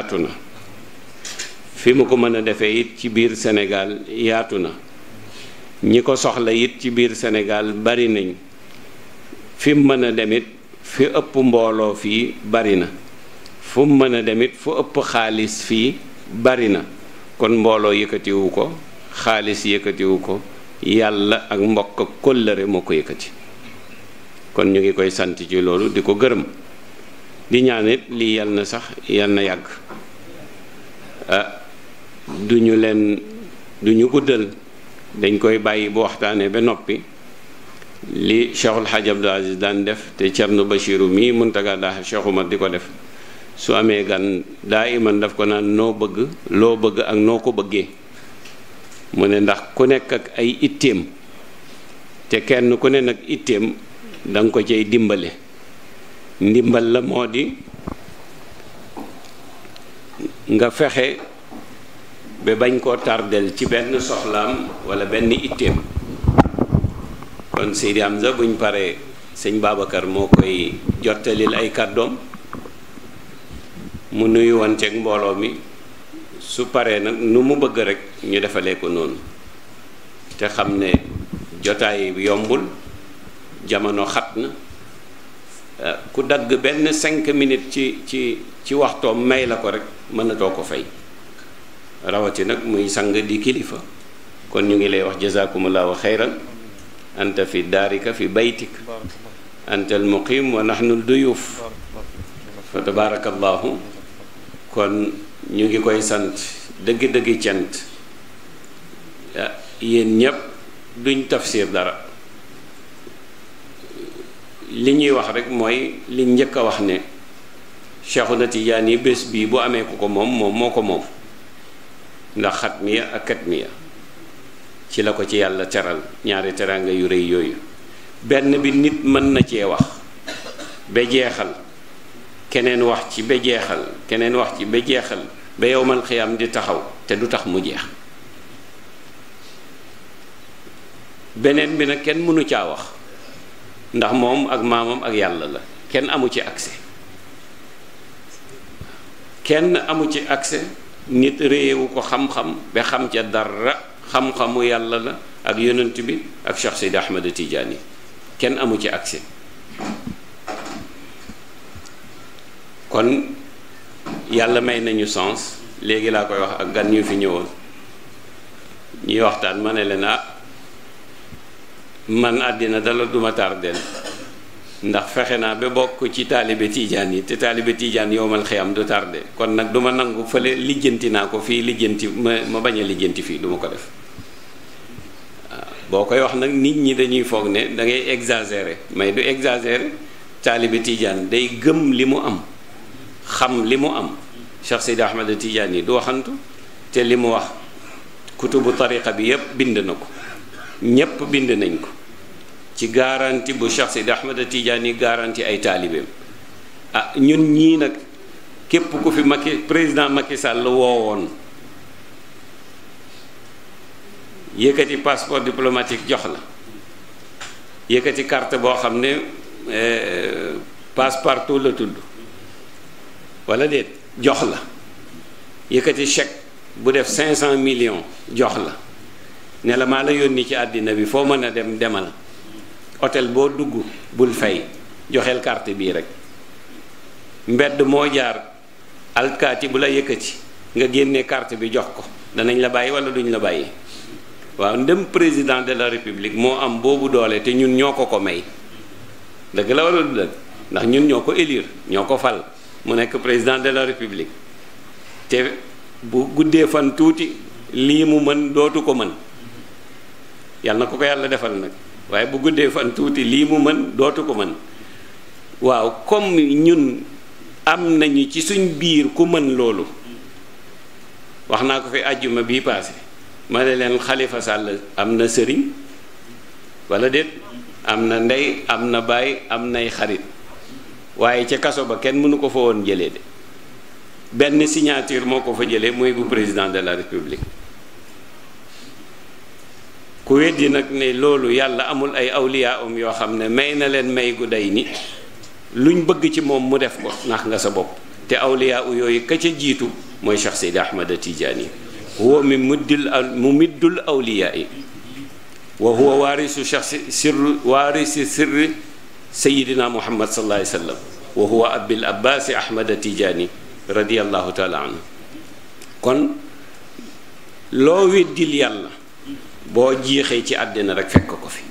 yaatu na fi mu ko mën a defee it ci biir senegaal yaatu na ñi ko soxla it ci biir senegaal bari nañ fim mu mën a demit fi ëpp bari na fu mën a demit fu ëpp xaalis fii bari na kon mbooloo yëkkatiwu ko xaalis yëkkatiwu ko yàlla ak mbokk kóllëre moo ko yëkkati kon ñu ngi koy sant ci loolu di ko gërëm di ñaan it lii yal na sax yal na yàgg ah du ñu leen du ñu guddal dañ koy bàyyi bu waxtaanee ba noppi li Cheikhul Hadj Abdou Aziz daan def te Thierno Bachirou mii Muntaga Daha Cheikh Oumar di ko def su amee gan daa iman daf ko naan noo bëgg loo bëgg ak noo ko bëggee mu ne ndax ku nekk ak ay itteem te kenn ku ne nag itteem danga nga ko cay dimbale ndimbal la moo di nga fexe ba bañ koo tardel ci benn soxlaam wala benn itteem kon Seydi Hamza buñ paree sëñ Babacar moo koy jottalil ay kàddoom mu nuyu wanteeg mbooloo mi su paree nag nu mu bëgg rek ñu defalee ko noonu te xam ne jotaay yombul jamono xat na ku dagg benn cinq minutes ci ci ci waxtoom may la ko rek mënatoo ko fay rawati nag muy sang di kilifa kon ñu ngi lay wax jazakumullahu xayran anta fi daarika fi baytik anta al muqim wa nahnu al duyuf fa tabarakallahu kon ñu ngi koy sant dëgg-dëggi cant yéen ñépp duñ tafsir dara li ñuy wax rekk mooy li njëkk a wax ne Cheikhuna Tijaani bés bii bu amee ku ko moom moom moo ko moom ndax xatmiya ak katmiya ci la ko ci yàlla teral ñaari teraanga yu rëy yooyu benn bi nit mën na cee wax ba jeexal keneen wax ci ba jeexal keneen wax ci ba jeexal ba yowmal xiyaam di taxaw te du tax mu jeex beneen bi nag kenn mënu caa wax ndax moom ak maamam ak yàlla la kenn amu ci accès kenn amu ci accès nit réyewu ko xam-xam ba xam ca dara xam-xamu yàlla la ak yonent bi ak Cheikh Seydi Ahmad Tidiane kenn amu ci accès kon yàlla may nañu sens léegi laa koy wax ak gan ñu fi ñëwoon ñuy waxtaan ma ne leen ah man àddina dala duma tardeel ndax fexe naa ba bokk ci taalibe tiijaan yi te taalibe tiijaan yowmal am du tardé kon nag duma nangu fële lijjanti naa ko fii lijjanti ma ma bañ a lijjanti fii duma ko def boo koy wax nag nit ñi dañuy foog ne dangay ngay exagérer mais du exagérer taalibe tiijaan day gëm li mu am xam li mu am Cheikh Seydi Ahmad Tiijaan yi du waxantu te li mu wax kutubu tariqa bi yépp bind na ko ñépp bind nañ ko ci garanti bu Cheikh Sidi tiijaan Tidiane garanti ay taalibeem ah ñun ñii nag képp ku fi Macky président Macky Sall woon yëkkati passeport diplomatique jox la yëkkati carte boo xam ne eh, passe-partout la tudd wala déet jox la yëkkati chèque bu def 500 millions jox la ne la maa yónni ci àddina bi foo mën a dem demal hôtel boo dugg bul fay joxeel carte bii rek mbedd moo jaar alkaati bu la yëkkati nga génne carte bi jox ko danañ la bàyyi wala duñ la bàyyi waaw ndem président de la république moo am boobu doole te ñun ñoo ko ko may dëgg la wala du dëgg ndax ñun ñoo ko élire ñoo ko fal mu nekk président de la république te bu guddee fan tuuti lii mu mën dootu ko mën yàlla na ko ko yàlla defal nag waaye bu guddee fan tuuti lii mu mën dootu ko mën waaw comme ñun am nañu ci suñ biir ku mën loolu wax naa ko fi àjjuma bii paase ma ne leen Xalifa Sàll am na sëriñ walla déet am na ndey am na baay am nay xarit waaye ca kaso ba kenn mënu ko fa woon jëlee de benn signature moo ko fa jëlee mooy bu président de la république ku weddi nag ne loolu yàlla amul ay awliya um yoo xam ne may na leen may gu day ni luñ bëgg ci moom mu def ko nax nga sa bopp te awliya yooyu ka jiitu mooy Cheikh Seydi Ahmad Tijaani huwa mi muddil mu yi wa huwa Muhammad sallallahu alayhi wa huwa abil abbaasi Ahmad Tijaani radiyallahu taala anhu kon loo weddil yàlla boo jiixee ci àddina rek fekk ko fi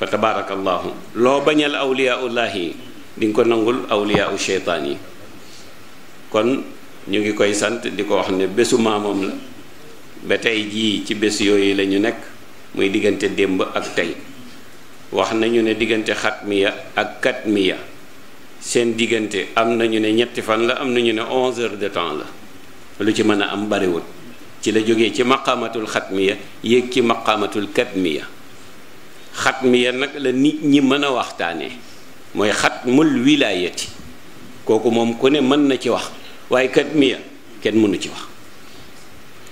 fa tabaarakallaahu loo bañal awliyaullahi di nga ko nangul awliyaau sheytaan yi kon ñu ngi koy sant di ko wax ne bésu maamam la ba tey jii ci bés yooyu la ñu nekk muy diggante démb ak tey wax nañu ne diggante xatmiya ak katmiya seen diggante am nañu ne ñetti fan la am nañu ne onze heures de temps la lu ci mën a am bariwul ci la jógee ci maqaamatul xatmiya yéeg ci maqaamatul katmiya xatmiya nag la nit ñi mën a waxtaanee mooy xatmul wilaayati kooku moom ku ne mën na ci wax waaye katmiya kenn mënu ci wax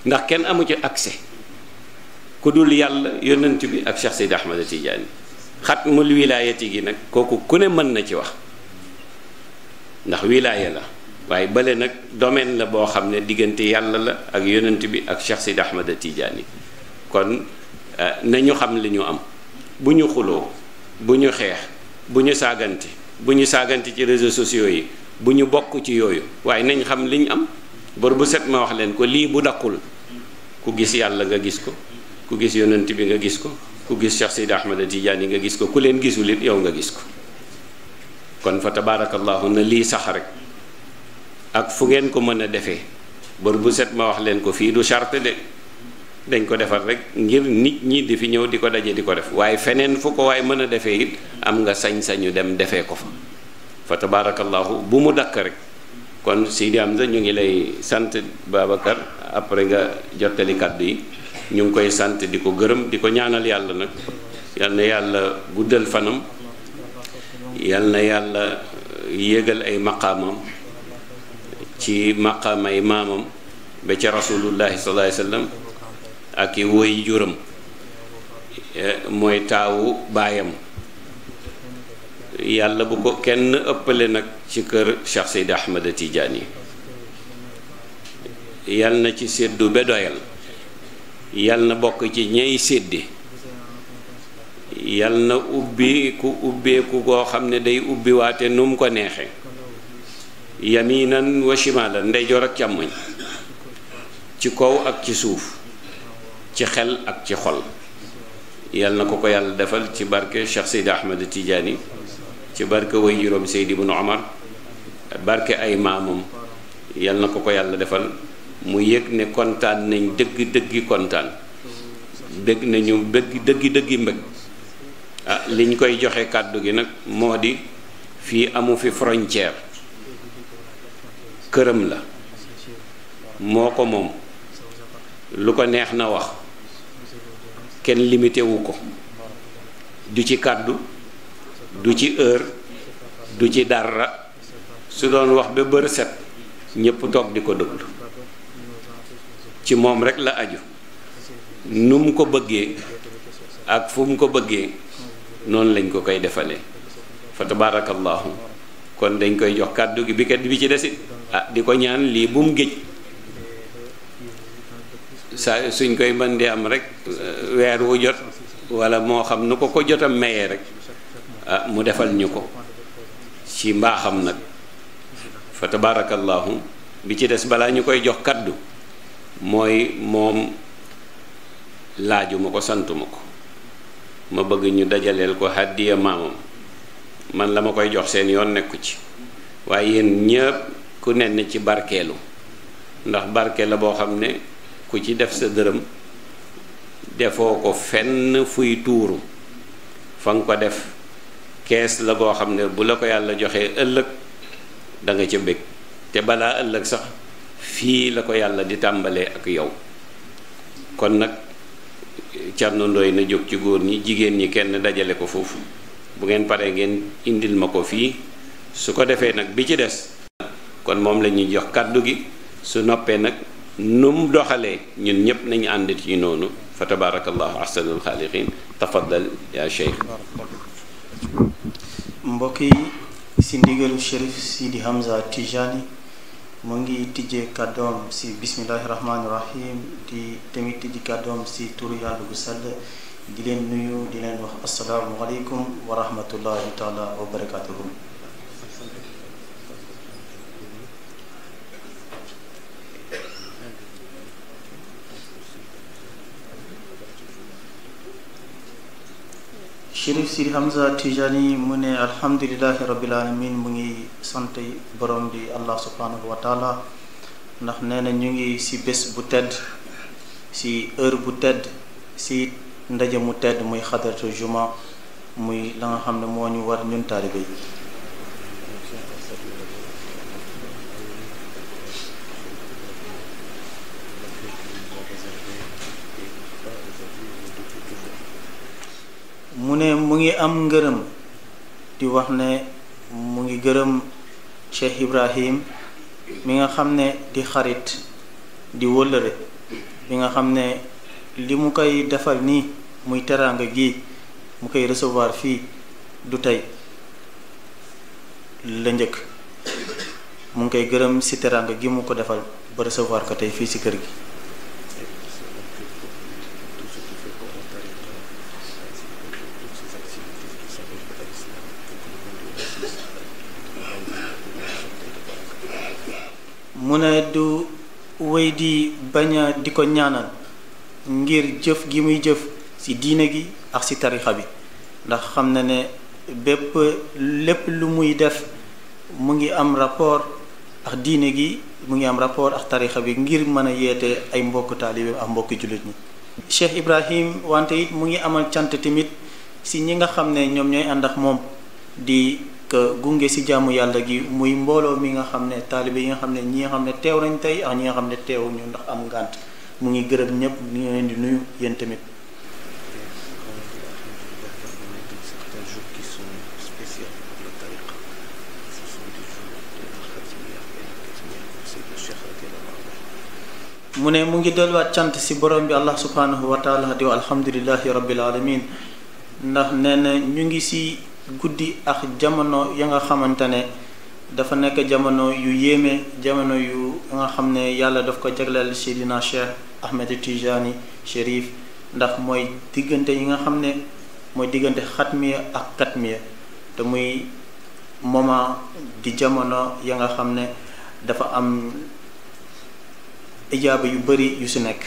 ndax kenn amu ci accès ku dul yàlla yonent bi ak Cheikh Seydi Ahmad Tidiane xatmul wilaayati gi nag kooku ku ne mën na ci wax ndax wilaaya la waaye bële nag domaine la boo xam ne diggante yàlla la ak yonent bi ak Cheikh Sidi Ahmada Tidiane kon euh, nañu xam li ñu am bu ñu xuloo bu ñu xeex bu ñu saagante bu ñu saagante ci réseau sociaux yi bu ñu bokk ci yooyu waaye nañ xam li ñu am bor bu set ma wax leen ko lii bu dakkul ku gis yàlla nga gis ko ku gis yonent bi nga gis ko ku gis Cheikh Sidi Ahmada Tidiane nga gis ko ku leen gisulit yow nga gis ko kon fa tabaarakallahu na lii sax rek ak fu ngeen ko mën a defee bër bu set ma wax leen ko fii du charte de dañ ko defar rek ngir nit ñi di fi ñëw di ko daje di ko def waaye feneen fu ko waaye mën a defee it am nga sañ-sañu dem defee ko fa fa tabaarakallaahu bu mu dakk rek kon Sidi Hamza ñu ngi lay sant Babacar après nga jottali kàddu yi ñu ngi koy sant di ko gërëm di ko ñaanal yàlla nag yal na yàlla guddal fanam yal na yàlla yëgal ay maqaamam ci maqaamay maamam ba ca rasulullahi sallallahu alayhi ak i woy juram e, mooy taawu baayam yàlla bu ko kenn ëppale nag ci kër Cheikh Seydi Ahmada Tidiane yal na ci séddu ba doyal yal bokk ci ñey séddi yal na ubbi ku ubbeeku goo xam ne day ubbi waate nu mu ko neexe yaminan wa shimalan ndeyjoor ak càmmoñ ci kaw ak ci suuf ci xel ak ci xol yal na ko ko yàlla defal ci barke Cheikh Seydi Ahmed Tidiane ci barke way juróom Seydi nu Omar barke ay maamam yal na ko ko yàlla defal mu yëg ne kontaan nañ dëgg dëggi kontaan dëgg nañu dëgg dëggi dëggi mbëgg ah liñ koy joxe kàddu gi nag moo di fii amu fi frontière këram la moo ko moom lu ko neex na wax kenn limité ko du ci kàddu du ci heure du ci dara su doon wax ba bër set ñépp toog di ko déglu ci moom rekk la aju nu mu ko bëggee ak fu mu ko bëggee noonu lañ ko koy defalee fa tabaarakallaahu kon dañ koy jox kàddu gi bi kat bi ci desit ah di ko ñaan lii bu mu géej saa suñ koy mën am rek eh, weer wu jot moo xam nu ko ko jotam maye rek ah, mu defal ñu ko ci mbaaxam nag fa tabaarakallaahu bi ci des balaa ñu koy jox kaddu mooy moom laajuma ko santuma ko ma bëgg ñu dajaleel ko hàddiya maamam man la ma koy jox seen yoon nekku ci waaye yéen ñëpp ku nenn ci barkeelu ndax barke la boo xam ne ku ci def sa dërëm defoo ko fenn fuy tuuru fa nga ko def kees la boo xam ne bu la ko yàlla joxee ëllëg danga ca bëgg te balaa ëllëg sax fii la ko yàlla di tàmbalee ak yow kon nag Thierno Ndoye na jóg ci góor ñi jigéen ñi kenn dajale ko foofu bu ngeen paree ngeen indil ma ko fii su ko defee nag bi ci des kon moom la ñuy jox kàddu gi su noppee nag nu mu doxalee ñun ñëpp nañu ànd ci noonu fa tabarakallahu ahsanul xaaliqin tafaddal yaa cheikh mbokk yi si ndigalu Chérif Sidi Hamza Tijani mu ngi tijjee kàddoom si bismillahi di tamit tijji kàddoom bu sell di leen nuyu di leen wax asalaamualeykum wa rahmatullahi taala wa barakatuhu Chérif Sidi Hamza Tijani mu ne alhamdulilahi rabbil alamin mu ngi sant borom bi allah subhanahu wa ndax nee na ñu ngi ci bés bu tedd ci heure bu tedd ci ndaje mu tedd muy xadaratu juma muy la nga xam ne moo ñu war ñun taalibe yi mu ne mu ngi am ngërëm di wax ne mu ngi gërëm Cheikh Ibrahim mi nga xam ne di xarit di wëllëre bi nga xam ne li mu koy defal nii muy teraanga gi mu koy recevoir fii du tey la njëkk mu ngi koy gërëm si teraanga gi mu ko defal ba recevoir ko tey fii si kër gi mu ne du wéy di bañ di ko ñaanal ngir jëf gi muy jëf ci diine gi ak ci tarixa bi ndax xam na ne bépp lépp lu muy def mu ngi am rapport ak diine gi mu ngi am rapport ak tarixa bi ngir mën a yeete ay mbokk taalibe ak mbokk jullit ñi Cheikh Ibrahim wante it mu ngi amal cant tamit ci ñi nga xam ne ñoom ñooy ànd moom di que gunge ci jàmm yàlla gi muy mbooloo mi nga xam ne taalibe yi nga xam ne ñi nga xam ne teew nañ tey ak ñi nga xam ne ñu ndax am ngànt mu ngi gërëm ñëpp ñu ngi leen di nuyu yéen tamit. mu ne mu ngi delluwaat cant si borom bi allah subhanahu wa taala di wa alamin ndax nee ñu ngi si. guddi ak jamono ya nga xamante ne dafa nekk jamono yu yéeme jamono yu nga xam ne yàlla daf ko jagleel Seydina Cheikh Ahmed Tijani Chérif ndax mooy diggante yi nga xam ne mooy diggante xatmiya ak katmiya te muy moment di jamono ya nga xam ne dafa am ijaaba yu bari yu si nekk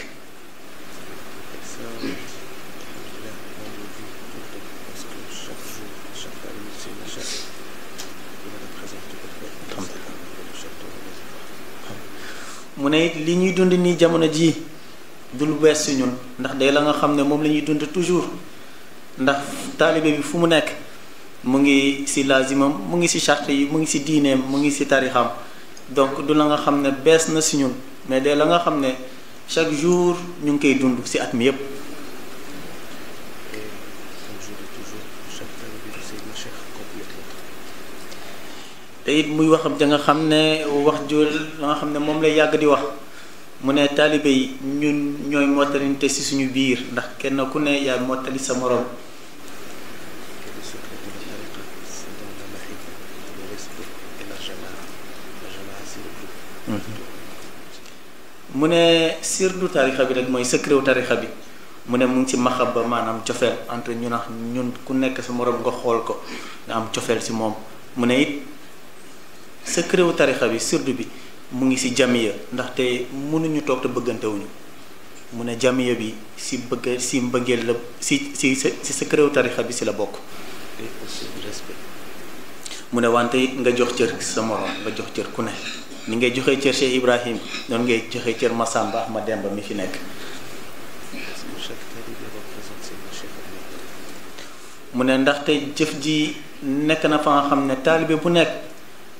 mu ne li ñuy dund nii jamono jii du lu bees si ñun ndax day la nga xam ne moom la ñuy dund toujours ndax taalibe bi fu mu nekk mu ngi si lazimam mu ngi si charte yi mu ngi si diineem mu ngi si tarixam donc du la nga xam ne bees na si ñun mais day la nga xam ne chaque jour ñu ngi koy dund si at mi yépp te it muy wax ja nga xam ne wax ju la nga xam ne moom lay yàgg di wax mu ne taalibe yi ñun ñooy mottalinte si suñu biir ndax kenn ku ne yaay mottali sa morom mu ne sirdu tarixa bi rek mooy secret tarixa bi mu ne mu ngi ci maxaba maanaam cofeel entre ñun ak ñun ku nekk sa morom nga xool ko nga am cofeel si moom mu ne it secret wu tarixa bi surdu bi mu ngi ci jamiya ndaxte mënuñu toog te bëggantewuñu mu ne jamiya bi si bëgg ci mbëggeel la ci ci ci secret tarixa bi ci la bokk mu ne wante nga jox cër sa morom nga jox cër ku ne ni ngay joxe cër Cheikh Ibrahim noonu ngay joxee cër Massamba Ahmad Demba mi fi nekk mu ne ndaxte jëf ji nekk na fa nga xam ne taalibe bu nekk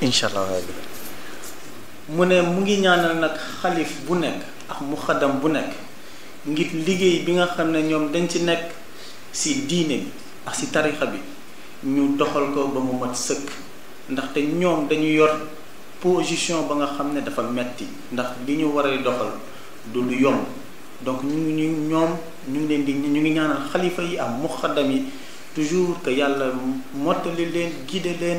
incha allah rabbi mu ne mu ngi ñaanal nag xalif bu nekk ak muxaddam bu nekk ngir liggéey bi nga xam ne ñoom dañ ci nekk si diine bi ak si tarixa bi ñu doxal ko ba mu mat sëkk ndaxte ñoom dañu yor position ba nga xam ne dafa metti ndax li ñu war a doxal du lu yomb donc ñu ñu ñoom ñu ngi leen di ñu ngi ñaanal xalifa yi ak muxaddam yi toujours que yàlla mottali leen guide leen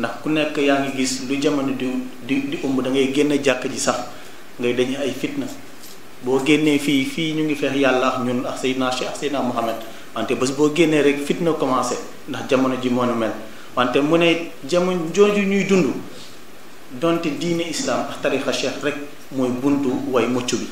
ndax ku nekk yaa ngi gis lu jamono di di di ëmb da ngay génn jàkk ji sax ngay dañu ay fitna boo génnee fii fii ñu ngi feex yàlla ak ñun ak Seydina Cheikh ak Seydina Mohamed wante bés boo génnee rek fitna commencé ndax jamono ji moo mel wante mu ne jamono jooju ñuy dund donte diine islam ak tarixa cheikh rek mooy buntu way mucc bi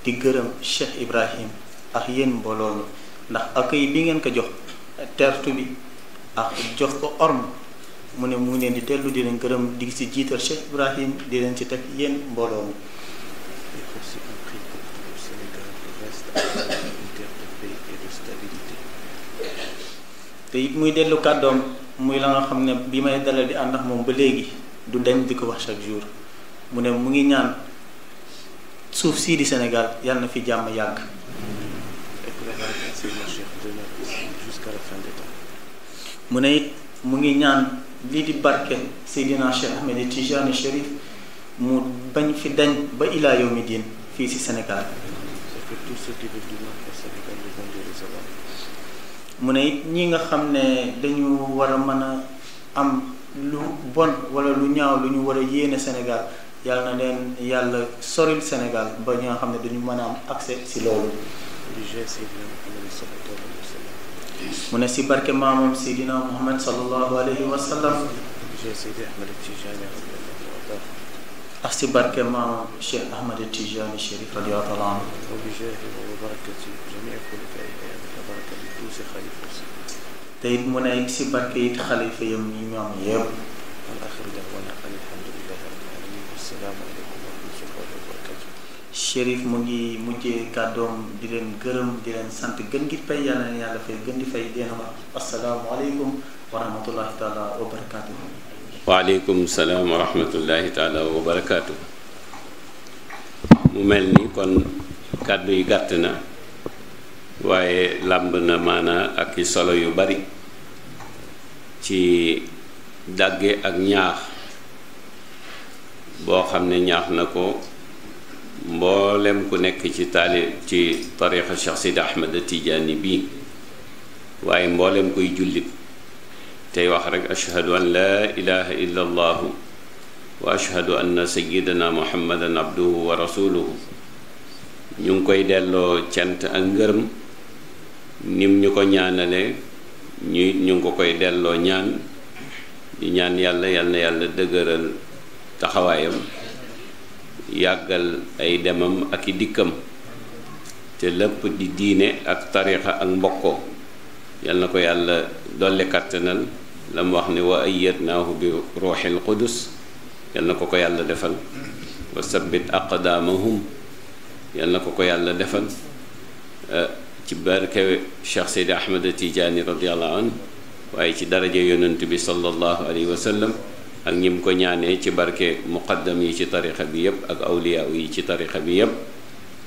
di gërëm Cheikh Ibrahim ak yéen mbooloo ndax ak accueil bi ngeen ko jox tertu bi ak jox ko orme mu ne mu ngi leen di dellu di leen gërëm digg si jiital Cheikh Ibrahim di leen ci teg yéen mbooloo mi te it muy dellu kàddoom muy la nga xam ne bi may dalal di ànd ak moom ba léegi du dañ di ko wax chaque jour mu ne mu ngi ñaan suuf sii di Sénégal yàlla na fi jàmm yàgg. mu ne it mu ngi ñaan lii di barke Seydina Cheikh Ahmed Tijani Chérif mu bañ fi dañ ba ilaa yawmi diin fii si Sénégal. mu ne it ñi nga xam ne dañu war a mën a am lu bon walla lu ñaaw lu ñu war a yéene Sénégal. yàlla na leen yàlla soril Sénégal ba ñi nga xam ne dañu mën a am accès ci loolu mu ne ci barke maamam Seydina Muhammad sallallahu alayhi wa sallam ak ci barke maamam Cheikh Ahmad Tijani Chérif radiyallahu ta'ala te it mu ne ci barke it xalifa yam ñi ñoom yépp asalaamaaleykum mu ngi mujjee kàddoom di leen gërëm di leen sant gën gi fay yàlla na yàlla fay gën di fay dee na ma wa rahmatullaahi salaam wa rahmatullaahi taala wa barakaatu. mu mel ni kon kàddu yi gàtt na waaye làmb na maanaa ak solo yu bari ci dàgge ak ñaax boo xam ne ñaax na ko mboolem ku nekk ci taali ci tarixa Cheikh Sidi Ahmed Tijaani waaye mboolem kuy jullit tey wax rek ashhadu an laa ilaha illa allahu wa ashhadu anna sayidana muhammadan abduhu wa rasuluhu ñu ngi koy delloo cant ak ngërëm nim ñu ko ñaanale ñu ñu ngi koy delloo ñaan di ñaan yàlla yal na yàlla dëgëral taxawaayam yàggal ay demam ak i dikkam te lëpp di diine ak tarixa ak mbokkoo na ko yàlla dolli kàttanal la mu wax ne wa ayyadnaahu bi ruuxil qudus yal na ko ko yàlla defal wa sabbit aqdaamahum yal na ko ko yàlla defal ci barke Cheikh Seydi Ahmed Tidiane radiyallahu anhu waaye ci daraja yonent bi sallallahu alayhi wa ak ñim ko ñaanee ci barke muqaddam yi ci tarixa bi yépp ak awliya yi ci tarixa bi yépp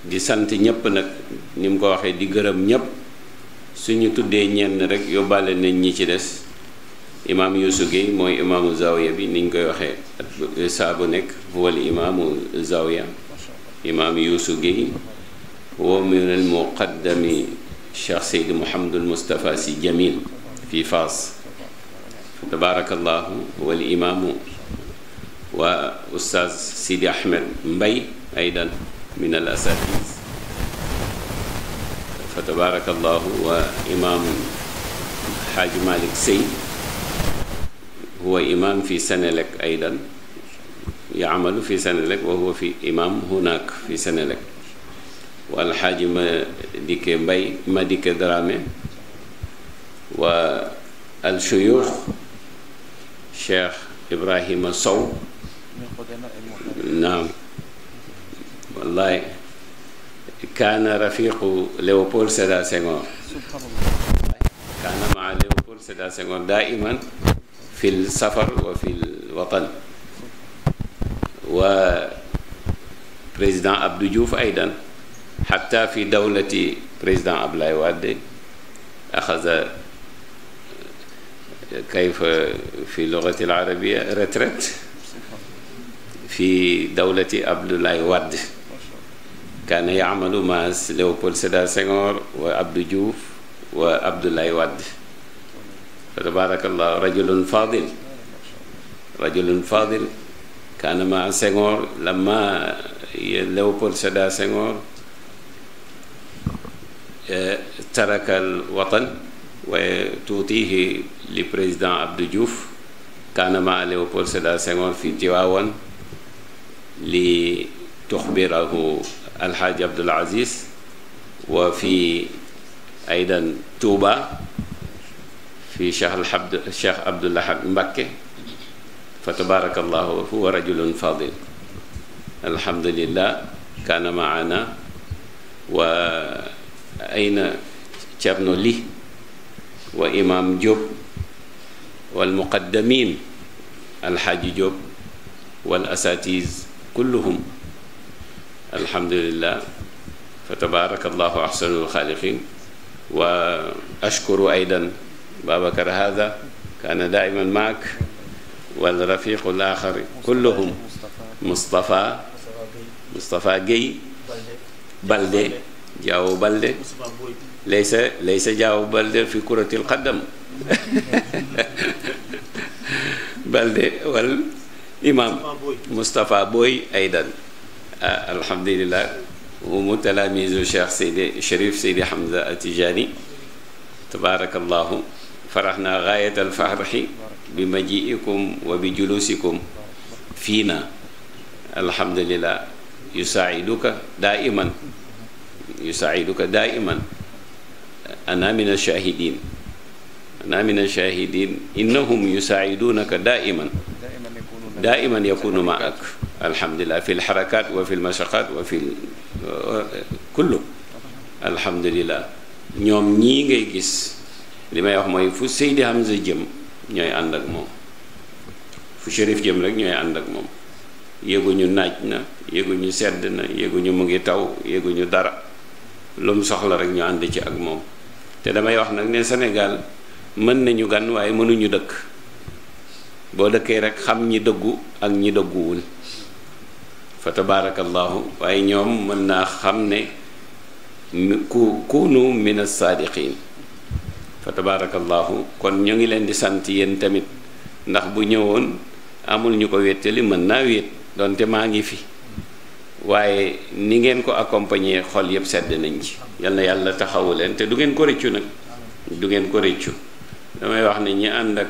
di sant ñépp nag ni mu ko waxee di gërëm ñépp suñu tuddee ñenn rek yóbbaale nañ ñi ci des imaam Youssou Guèye mooy imaamu zawiya bi niñ koy waxee ak saa bu nekk wala imaamu zawiya imaam Youssou Guèye wa minal muqaddami Cheikh Seydi Mouhamadul Moustapha Sy Jamil fii Faas tabaarakallaahu wal imaamu waa ustaz Sidi Ahmed Mbay aydan min al asatiz fa tabaarakallaahu wa imaamu xaaji Malick Sey huwa imaam fi Senelec aydan yaamalu fi Senelec wa huwa fi imaam hunaak fi Senelec wal xaaji Madické Mbay Madické Dramé wa al shuyuux Cheikh Ibrahima Sow naam wallaay kaana rafiqu Léopold Sédar Senghor kaana maa Léopold Sédar Senghor daiman fi lsafar wa fi lwatan wa président Abdou Diouf aydan xatta fi dawlati président Ablaye Wade axasa كيف في لغة العربية رترت في دولة عبد الله ود كان يعمل مع ليوبولد سيدار سنغور وعبد جوف وعبد الله ود فتبارك الله رجل فاضل رجل فاضل كان مع سنغور لما ليوبولد سيدار سنغور ترك الوطن وتعطيه li président Abdou Diouf kaanama Léopold Sédar Senghor fi Tiwaawoon li tuxbirahu alxaaji Abdul Aziz wa fi aydan Touba fi Cheikh Alhamd Cheikh Abdoul Ahad Mbacké fa tabarakallahu huwa rajulun fadil alhamdulillah kaana maana wa ayna Cerno Li wa imam Diop walmuqaddamiin alxaaji Jóob wal asaatiis kulluhum alhamdulillah fa tabaraka allahu axsanul xaaliqin wa ashkuru aydan babacar hada kaana daiman maak walrafiqu l axar kulluhum mustapha mustapha gueye balde jaawo balde laysa laysa jaaw balde fi kuratil xaddam balde wal imam Moustapha Boy aydan alhamdulillah humu talaamizu Cheikh Seydi Cherif Seydi Hamza Atijani tabaarakallahu faraxna gaayat alfarxi bi majiikum wa bi julusikum fiina alhamdulillah yusaayiduka daa iman yusaayiduka daa iman ana min alshahidin ana min alshahidin innahum yusaaidunaka daiman daiman yakunu maak alhamdulillah fi lxarakat wa fi lmashaqat wa fi kullu alhamdulillah ñoom ñii ngay gis li may wax mooy fu Seydi Hamza jëm ñooy ànd ak moom fu Chérif jëm rek ñooy ànd ak moom yéguñu naaj na yéguñu sedd na yéguñu mu ngi taw yéguñu dara lu mu soxla rek ñu ànd ci ak moom te damay wax nag ne Sénégal mën nañu gan waaye mënuñu dëkk boo dëkkee rek xam ñi dëggu ak ñi dëgguwul fa tabaarakallaahu waaye ñoom mën naa xam ne ku kunu min as-saadiqiin fa tabaarakallaahu kon ñu ngi leen di sant yéen tamit ndax bu ñëwoon amul ñu ko wéttali mën naa wéet doonte maa ngi fi waaye ni ngeen ko accompagner xol yëpp sedd nañ ci yal na yàlla taxawu leen te du ngeen ko rëccu nag du ngeen ko rëccu damay wax ne ñi ànd ak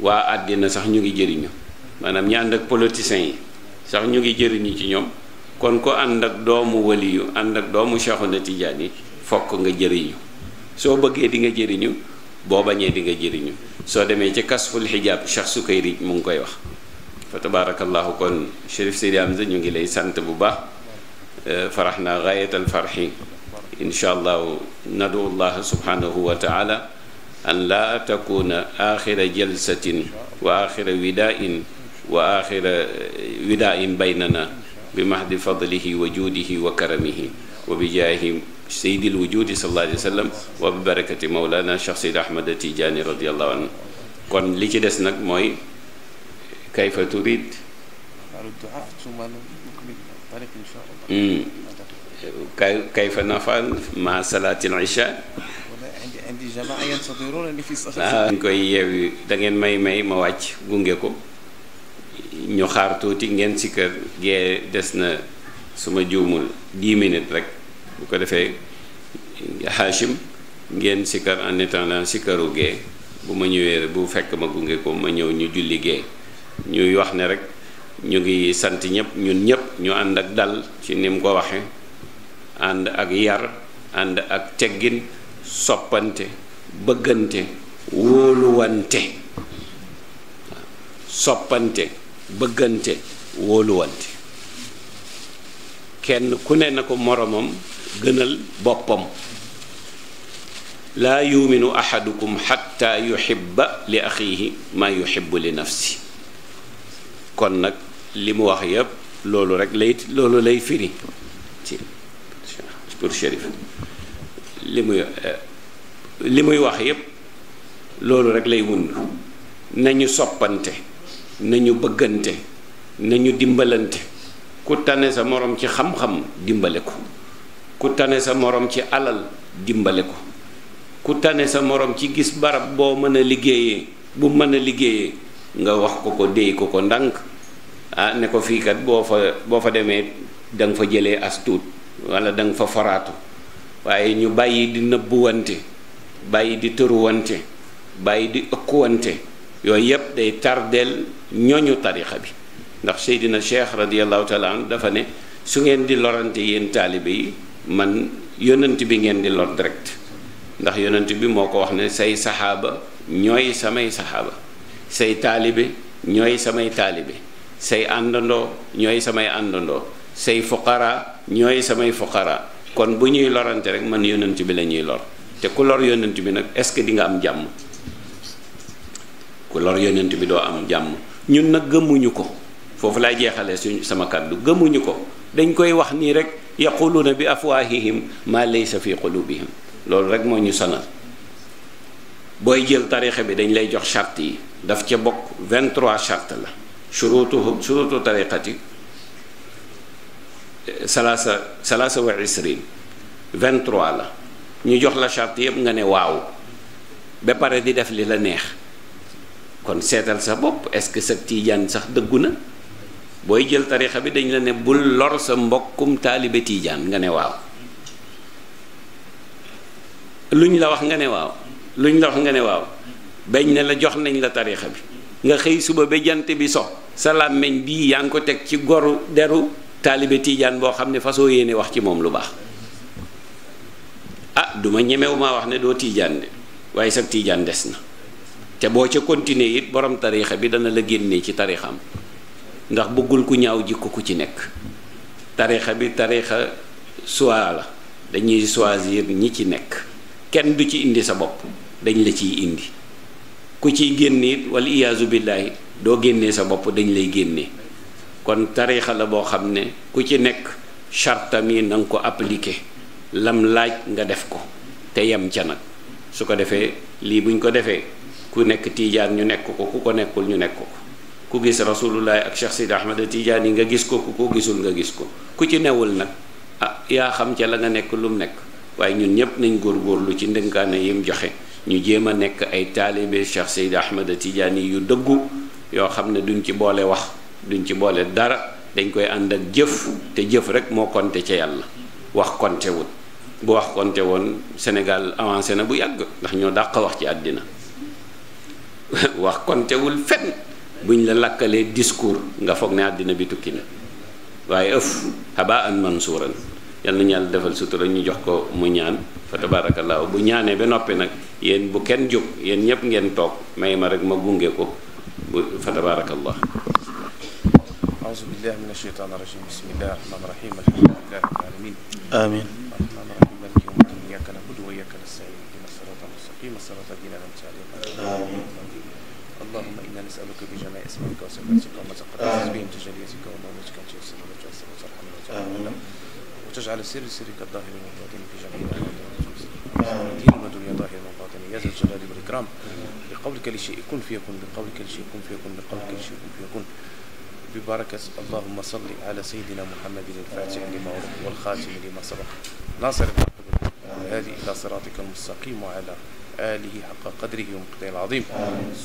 waa àddina sax ñu ngi jëriñu maanaam ñi ànd ak politiciens yi sax ñu ngi jëriñu ci ñoom kon ko ànd ak doomu waliyu ànd ak doomu Seexuna tiijaan yi fokk nga jëriñu soo bëggee di nga jëriñu boo bañee di nga jëriñu soo demee ci kasful xijaab Cheikh Sukayri mu ngi koy wax fa tabaarakallaahu kon Chérif Seydi Hamza ñu ngi lay sant bu baax eh, farax naa gaayatal farxi incha allahu nadu allah subhanahu wa taala an laa takuna axira jalsatin wa axira widain wa axira eh, widain baynana bi mahdi fadlihi wa juudihi wa karamihi wa bi jaahi sayyidil wujudi sallallahu alayhi wa sallam wa bi barakati mawlana cheikh sayd ahmad tijaani radiallahu anhu kon li ci des nag mooy كيف تريد كيف نفعل مع صلاة العشاء عندي عندي جماعة koy yeewi da ngeen may may ma wàcc gunge ko ñu xaar tuuti ngeen si kër gee des na suma juumul 10 minutes rek bu ko defee Hachim ngeen kër en étant là sikkaru gee bu ma ñëwee bu fekk ma gunge ko ma ñëw ñu julli gee ñuy wax ne rekk ñu ngi sant ñëpp ñun ñëpp ñu ànd ak dal ci ni mu ko waxe ànd ak yar ànd ak teggin soppante bëggante wóoluwante soppante bëggante wóoluwante kenn ku ne na ko moroomam gënal boppam laa yuminu ahadukum xatta yuxibba li axiihi maa yuxibbu li nafsi kon nag li mu wax yépp loolu rek lay loolu lay firi ci pour Chérif li muy eh, li muy wax yépp loolu rek lay wund nañu soppante nañu bëggante nañu dimbalante ku tane sa moroom ci xam-xam dimbale ko ku tane sa moroom ci alal dimbale ko ku tane sa moroom ci gis barab boo mën a liggéeyee bu mën a liggéeyee nga wax ko ko déy ko ko ndànk ah ne ko fii kat boo fa boo fa demee da nga fa jëlee as tuut wala da fa foraatu waaye ñu bàyyi di nëbbuwante bàyyi di tëruwante bàyyi di ëkkuwante yooyu yépp day tardeel ñooñu tarixa bi ndax seydina cheikh radiallahu taala an dafa ne su ngeen di lorante yéen taalibe yi man yonent bi ngeen di lor direct ndax yonent bi moo ko wax ne say saxaaba ñooy samay saxaaba say taalibe ñooy samay taalibe say àndandoo ñooy samay àndandoo say fuqara ñooy samay fuqara kon bu ñuy lorante rek man yonent bi la ñuy lor te ku lor yonent bi nag est-ce que di nga am jàmm ku lor yonent bi doo am jàmm ñun nag gëmuñu ko foofu laa jeexale suñ sama kàddu gëmuñu ko dañ koy wax nii rek yaquluuna bi waa afwaahihim maa laysa fi qulubihim loolu rek moo ñu sonal booy jël tarixa bi dañ lay jox charte yi daf ca bokk 23 charte la shurutuhum shurutu tariqati eh, salaasa salaasa wa isrin 23 la ñu jox la charte yëpp nga ne waaw ba pare di def li la neex kon seetal sa bopp est-ce que sa tiijaan sax dëggu na booy jël tarixa bi dañ la ne bul lor sa mbokkum taalibe tiijaan nga ne waaw luñ la wax nga ne waaw luñ la wax nga ne waaw bañ ne la jox nañ la tariixa bi nga xëy suba ba jant bi so sa làmmiñ bii yaa ngi ko teg ci goru deru taalibe tiijaan boo xam ne fasoo yéene wax ci moom lu baax ah duma ñemewu maa wax ne doo tiijaan de waaye sag tiijaan des na te boo ca continuer it borom tariixa bi dana la génnee ci tariixam ndax bëggul ku ñaaw jikko ku ci nekk tariixa bi tariixa choix la dañuy choisir ñi ci nekk kenn du ci indi sa bopp dañ la ciy indi ku ciy génne it wala iyaazu billaahi doo génnee sa bopp dañ lay génne kon tariixa la boo xam ne ku ci nekk chartam yi na nga ko appliqué lam laaj nga def ko te yem ca nag su ko defee lii buñ ko defee ku nekk tiijaan ñu nekk ko ku ko nekkul ñu nekk ko ku gis rasulullahi ak Cheikh Sidi Ahmad Tijaan yi nga gis ko ku ko gisul nga gis ko ku ci newul nag ah yaa xam ca la nga nekk lu mu nekk waaye ñun ñépp nañ góorgóorlu ci ndënkaane yim joxe ñu jéem a nekk ay taalibe Cheikh Seyd Ahmed Tidiane yu dëggu yoo xam ne duñ ci boole wax duñ ci boole dara dañ koy ànd ak jëf te jëf rek moo konte ca yàlla wax konte wut bu wax konte woon Sénégal avancé na bu yàgg ndax ñoo dàq wax ci àddina wax kontewul fenn buñ la lakkalee discours nga foog ne àddina bi tukki na waaye ëf xabaa an mansuuran yal nañu yàlla defal sutura ñu jox ko mu ñaan fa tabaarakallaahu bu ñaanee ba noppi nag yéen bu kenn jóg yéen ñëpp ngeen toog may ma rek ma gunge ko bu fa tabaarakallah auzu billahi min asheytaan rajim bismillahi rahmaan rahim alhamdulillahi rabbil alamin amin rahmaan rahim maliki yawmi din iyyaka na'budu wa iyyaka nasta'in ihdina siraatal mustaqim siraatal ladina an'amta alayhim اللهم إنا نسألك بجميع اسمائك وصفاتك وما تقدس بهم تجليتك ومولاتك أن تيسر وتيسر وترحم وتعلم وتجعل سر سرك الظاهر والباطن في جميع الأمور بقولك لشيء كن فيكن بقولك لشيء كن فيكن بقولك لشيء كن فيكن ببركة اللهم صل على سيدنا محمد الفاتح لما أغلق والخاتم لما سبق ناصر الحق هذه إلى صراطك المستقيم وعلى آله حق قدره ومقداره العظيم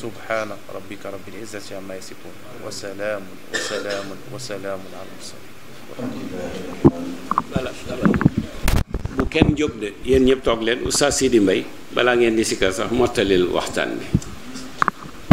سبحان ربك رب العزة عما يصفون وسلام وسلام وسلام على المرسلين kenn jóg de yéen ñëpp toog leen oustaz Sidi Mbaye balaa ngeen di sikka sax mottalil waxtaan bi